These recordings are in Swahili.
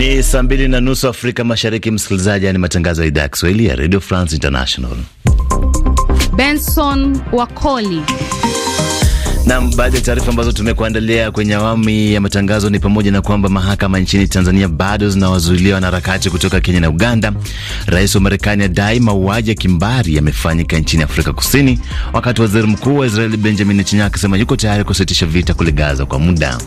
Ni saa mbili na nusu Afrika Mashariki. Msikilizaji, ni yaani matangazo ya idhaa ya Kiswahili ya Radio France International. Benson Wakoli nam baadhi ya taarifa ambazo tumekuandalia kwenye awamu ya matangazo ni pamoja na kwamba mahakama nchini Tanzania bado zinawazuilia wanaharakati kutoka Kenya na Uganda. Rais wa Marekani adai mauaji ya kimbari yamefanyika nchini Afrika Kusini, wakati waziri mkuu wa Israeli Benjamin Netanyahu akisema yuko tayari kusitisha vita kule Gaza kwa muda.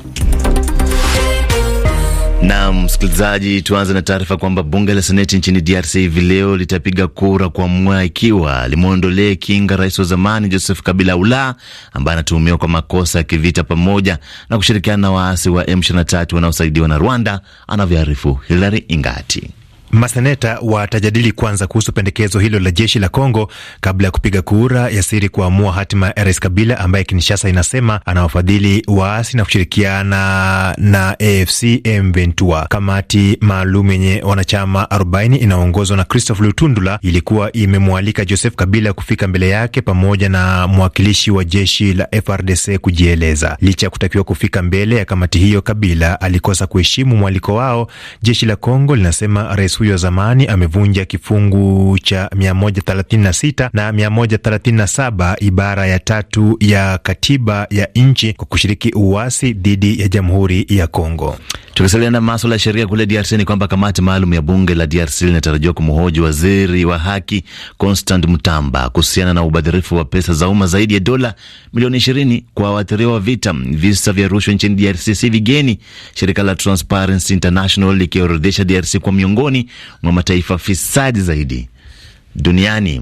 Na msikilizaji, tuanze na taarifa kwamba bunge la seneti nchini DRC hivi leo litapiga kura kuamua ikiwa limwondolee kinga rais wa zamani Joseph Kabila Ula ambaye anatuhumiwa kwa makosa ya kivita pamoja na kushirikiana na waasi wa M23 wanaosaidiwa na Rwanda, anavyoarifu Hilary Ingati. Maseneta watajadili kwanza kuhusu pendekezo hilo la jeshi la Kongo kabla ya kupiga kura ya siri kuamua hatima ya Rais Kabila ambaye Kinshasa inasema anawafadhili waasi na kushirikiana na AFC M23. Kamati maalum yenye wanachama 40 inaongozwa na Christophe Lutundula ilikuwa imemwalika Joseph Kabila kufika mbele yake pamoja na mwakilishi wa jeshi la FRDC kujieleza. Licha ya kutakiwa kufika mbele ya kamati hiyo, Kabila alikosa kuheshimu mwaliko wao. Jeshi la Kongo linasema rais huyo wa zamani amevunja kifungu cha 136 na 137 ibara ya tatu ya katiba ya nchi kwa kushiriki uasi dhidi ya Jamhuri ya Kongo. Tukisalia na maswala ya sheria kule DRC ni kwamba kamati maalum ya bunge la DRC linatarajiwa kumhoji waziri wa haki Constant Mutamba kuhusiana na ubadhirifu wa pesa za umma zaidi ya dola milioni ishirini kwa waathiriwa wa vita. Visa vya rushwa nchini DRC si vigeni, shirika la Transparency International likiorodhesha DRC kwa miongoni mwa mataifa fisadi zaidi duniani.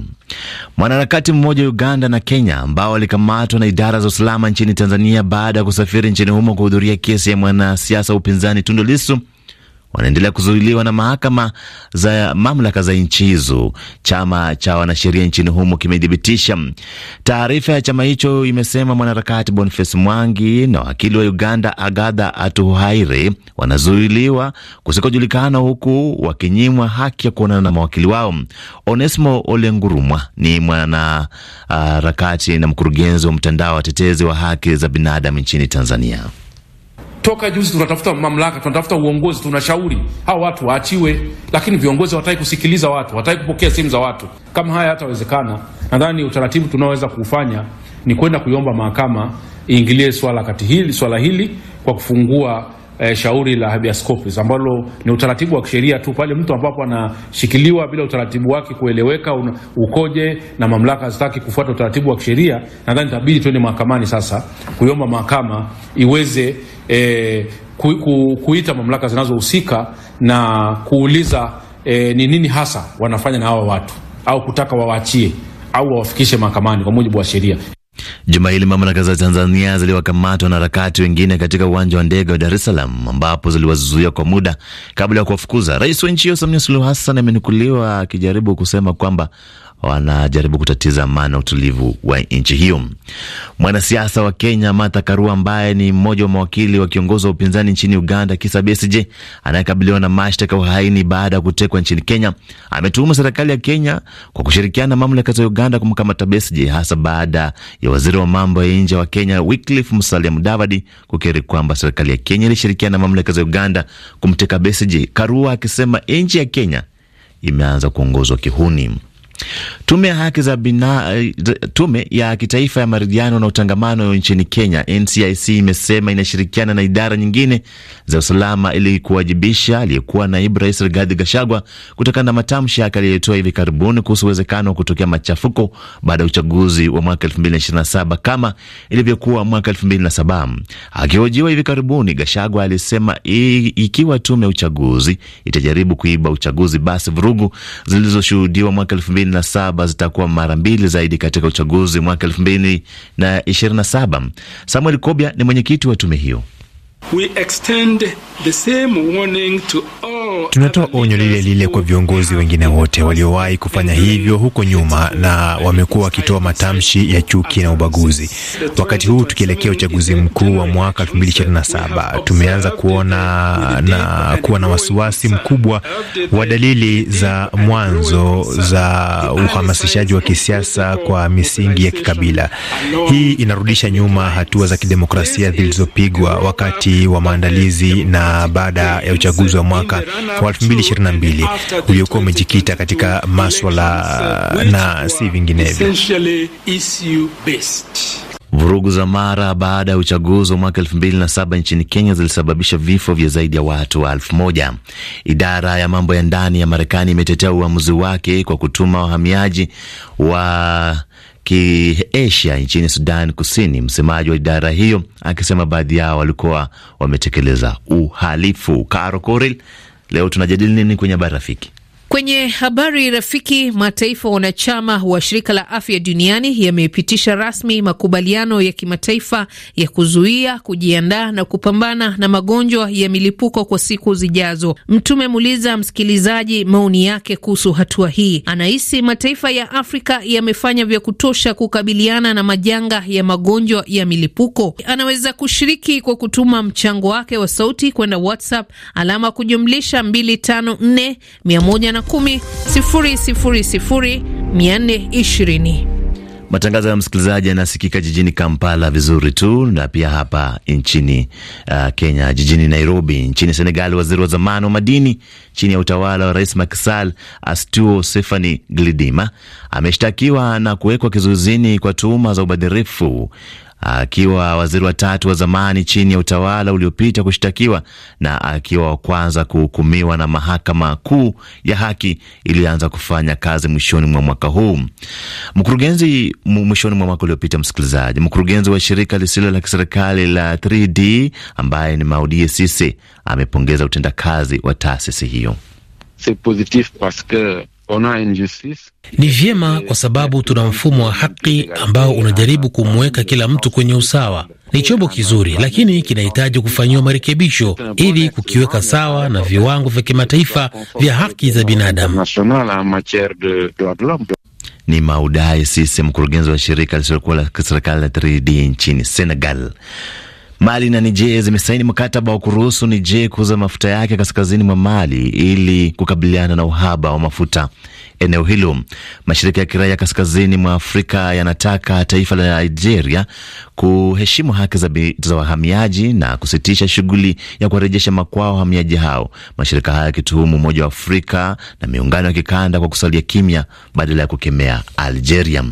Mwanaharakati mmoja Uganda na Kenya ambao walikamatwa na idara za usalama nchini Tanzania baada ya kusafiri nchini humo kuhudhuria kesi ya mwanasiasa wa upinzani Tundu Lissu wanaendelea kuzuiliwa na mahakama za mamlaka za nchi hizo. Chama cha wanasheria nchini humo kimethibitisha taarifa ya chama hicho imesema mwanaharakati Boniface Mwangi na wakili wa Uganda Agatha Atuhaire wanazuiliwa kusikojulikana, huku wakinyimwa haki ya kuonana na mawakili wao. Onesmo Olengurumwa ni mwanaharakati na mkurugenzi wa mtandao wa tetezi wa haki za binadamu nchini Tanzania. Toka juzi tunatafuta mamlaka, tunatafuta uongozi, tunashauri hawa watu waachiwe, lakini viongozi hawataki kusikiliza watu, hawataki kupokea simu za watu. Kama haya hatawezekana, nadhani utaratibu tunaoweza kuufanya ni kwenda kuiomba mahakama iingilie swala kati hili, swala hili kwa kufungua eh, shauri la habeas corpus ambalo ni utaratibu wa kisheria tu pale mtu ambapo anashikiliwa bila utaratibu wake kueleweka un, ukoje na mamlaka hazitaki kufuata utaratibu wa kisheria. Nadhani itabidi twende mahakamani sasa kuiomba mahakama iweze e, ku, ku, kuita mamlaka zinazohusika na kuuliza e, ni nini hasa wanafanya na hawa watu au kutaka wawaachie au wawafikishe mahakamani kwa mujibu wa sheria. Juma hili mamlaka za Tanzania ziliwakamata wanaharakati wengine katika uwanja wa ndege wa Dar es Salaam ambapo ziliwazuia kwa muda kabla ya kuwafukuza. Rais wa nchi hiyo Samia Suluhu Hassan amenukuliwa akijaribu kusema kwamba wanajaribu kutatiza amani na utulivu wa nchi hiyo. Mwanasiasa wa Kenya Martha Karua, ambaye ni mmoja wa mawakili wa kiongozi wa upinzani nchini Uganda Kizza Besigye, anayekabiliwa na mashtaka ya uhaini baada ya kutekwa nchini Kenya, ametuhumu serikali ya Kenya kwa kushirikiana na mamlaka za Uganda kumkamata Besigye, hasa baada ya waziri wa mambo ya nje wa Kenya Wycliffe Musalia Mudavadi kukiri kwamba serikali ya Kenya ilishirikiana na mamlaka za Uganda kumteka Besigye, Karua akisema nchi ya Kenya imeanza kuongozwa kihuni. Tume ya haki za bina, eh, tume ya kitaifa ya maridhiano na utangamano nchini Kenya NCIC imesema inashirikiana na idara nyingine za usalama ili kuwajibisha aliyekuwa naibu rais Rigathi Gachagua kutokana na matamshi yake aliyotoa hivi karibuni kuhusu uwezekano wa kutokea machafuko baada ya uchaguzi wa mwaka 2027 kama ilivyokuwa mwaka 2007. Akihojiwa hivi karibuni, Gachagua alisema ikiwa tume ya uchaguzi itajaribu kuiba uchaguzi, basi vurugu zilizoshuhudiwa mwaka 27 zitakuwa mara mbili zaidi katika uchaguzi mwaka 2027. Samuel Kobia ni mwenyekiti wa tume hiyo. Tunatoa onyo lile lile kwa viongozi wengine wote waliowahi kufanya hivyo huko nyuma na wamekuwa wakitoa matamshi ya chuki na ubaguzi. Wakati huu tukielekea uchaguzi mkuu wa mwaka 2027, tumeanza kuona na kuwa na wasiwasi mkubwa wa dalili za mwanzo za uhamasishaji wa kisiasa kwa misingi ya kikabila. Hii inarudisha nyuma hatua za kidemokrasia zilizopigwa wakati wakati wa maandalizi na baada ya uchaguzi wa mwaka wa 2022 uliokuwa umejikita katika maswala na si vinginevyo. Vurugu za mara baada ya uchaguzi wa mwaka 2007 nchini Kenya zilisababisha vifo vya zaidi ya watu elfu moja. Idara ya mambo ya ndani ya Marekani imetetea uamuzi wake kwa kutuma wahamiaji wa kiasia nchini Sudan Kusini, msemaji wa idara hiyo akisema baadhi yao walikuwa wametekeleza uhalifu. Karo Koril, leo tunajadili nini kwenye Habari Rafiki? Kwenye habari rafiki, mataifa wanachama wa shirika la afya duniani yamepitisha rasmi makubaliano ya kimataifa ya kuzuia, kujiandaa na kupambana na magonjwa ya milipuko kwa siku zijazo. Mtume muuliza msikilizaji maoni yake kuhusu hatua hii. Anahisi mataifa ya Afrika yamefanya vya kutosha kukabiliana na majanga ya magonjwa ya milipuko. Anaweza kushiriki kwa kutuma mchango wake wa sauti kwenda WhatsApp alama kujumlisha 254 Matangazo ya msikilizaji yanasikika jijini Kampala vizuri tu na pia hapa nchini uh, Kenya, jijini Nairobi. Nchini Senegal, waziri wa zamani wa madini chini ya utawala wa Rais makisal Astuo Sefani Glidima, ameshtakiwa na kuwekwa kizuizini kwa tuhuma za ubadhirifu akiwa waziri wa tatu wa zamani chini ya utawala uliopita kushtakiwa na akiwa wa kwanza kuhukumiwa na mahakama kuu ya haki iliyoanza kufanya kazi mwishoni mwa mwaka huu. Mkurugenzi mwishoni mwa mwaka uliopita, msikilizaji, mkurugenzi wa shirika lisilo la kiserikali la 3D ambaye ni Maudie Sise amepongeza utendakazi wa taasisi hiyo. Ni vyema kwa sababu tuna mfumo wa haki ambao unajaribu kumweka kila mtu kwenye usawa. Ni chombo kizuri, lakini kinahitaji kufanyiwa marekebisho ili kukiweka sawa na viwango vya kimataifa vya haki za binadamu. Ni Maudai Sise, mkurugenzi wa shirika lisilokuwa la kiserikali la 3D nchini Senegal. Mali na Niger zimesaini mkataba wa kuruhusu Niger kuuza mafuta yake kaskazini mwa Mali ili kukabiliana na uhaba wa mafuta eneo hilo. Mashirika ya kiraia kaskazini mwa Afrika yanataka taifa la Nigeria kuheshimu haki za, za wahamiaji na kusitisha shughuli ya kuwarejesha makwao wahamiaji hao, mashirika haya yakituhumu Umoja wa Afrika na miungano ya kikanda kwa kusalia kimya badala ya kukemea Algeria.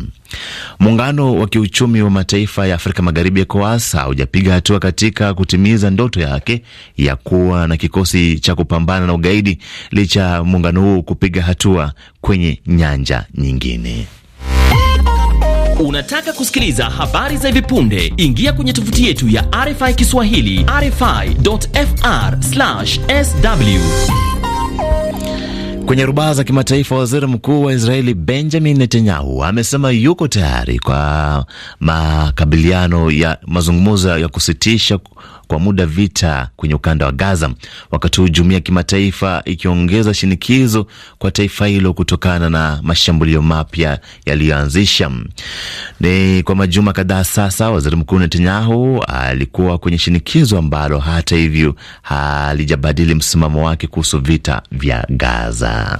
Muungano wa kiuchumi wa mataifa ya Afrika Magharibi, ECOWAS, haujapiga hatua katika kutimiza ndoto yake ya kuwa na kikosi cha kupambana na ugaidi licha ya muungano huu kupiga hatua kwenye nyanja nyingine. Unataka kusikiliza habari za hivi punde? Ingia kwenye tovuti yetu ya RFI Kiswahili, rfi.fr/sw. Kwenye rubaa za kimataifa, waziri mkuu wa Israeli Benjamin Netanyahu amesema yuko tayari kwa makabiliano ya mazungumzo ya kusitisha kwa muda vita kwenye ukanda wa Gaza, wakati huu jumuiya ya kimataifa ikiongeza shinikizo kwa taifa hilo kutokana na mashambulio mapya yaliyoanzisha. Ni kwa majuma kadhaa sasa, waziri mkuu Netanyahu alikuwa kwenye shinikizo ambalo hata hivyo halijabadili msimamo wake kuhusu vita vya Gaza.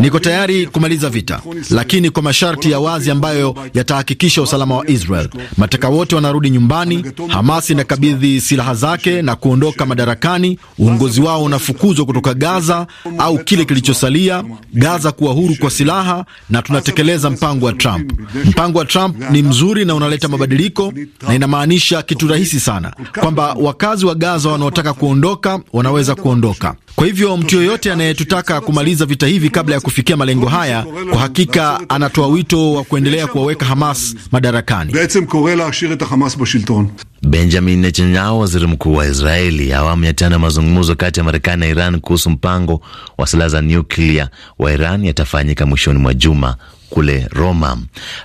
Niko tayari kumaliza vita, lakini kwa masharti ya wazi ambayo yatahakikisha usalama wa Israel. Mateka wote wanarudi nyumbani, Hamas inakabidhi silaha zake na kuondoka madarakani, uongozi wao unafukuzwa kutoka Gaza au kile kilichosalia, Gaza kuwa huru kwa silaha, na tunatekeleza mpango wa Trump. Mpango wa Trump ni mzuri na unaleta mabadiliko, na inamaanisha kitu rahisi sana, kwamba wakazi wa Gaza wanaotaka kuondoka wanaweza kuondoka. Kwa hivyo mtu yoyote anayetutaka kumaliza vita hivi kabla ya kufikia malengo haya, kwa hakika anatoa wito wa kuendelea kuwaweka Hamas madarakani. Benjamin Netanyahu, waziri mkuu wa Israeli, awamu ya tano ya mazungumzo kati ya Marekani na Iran kuhusu mpango wa silaha za nyuklia wa Iran yatafanyika mwishoni mwa juma kule Roma.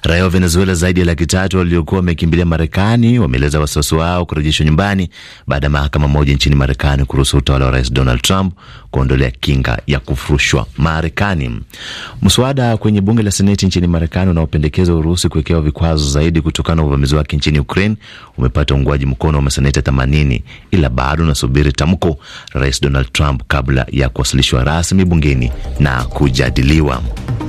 Raia wa Venezuela zaidi ya laki tatu waliokuwa wamekimbilia Marekani wameeleza wasiwasi wao kurejeshwa nyumbani baada ya mahakama moja nchini Marekani kuruhusu utawala wa rais Donald Trump kuondolea kinga ya kufurushwa Marekani. Mswada kwenye bunge la seneti nchini Marekani unaopendekeza Urusi kuwekewa vikwazo zaidi kutokana na uvamizi wake nchini Ukraine umepata ungu uungwaji mkono wa maseneta 80 ila bado unasubiri tamko la Rais Donald Trump kabla ya kuwasilishwa rasmi bungeni na kujadiliwa.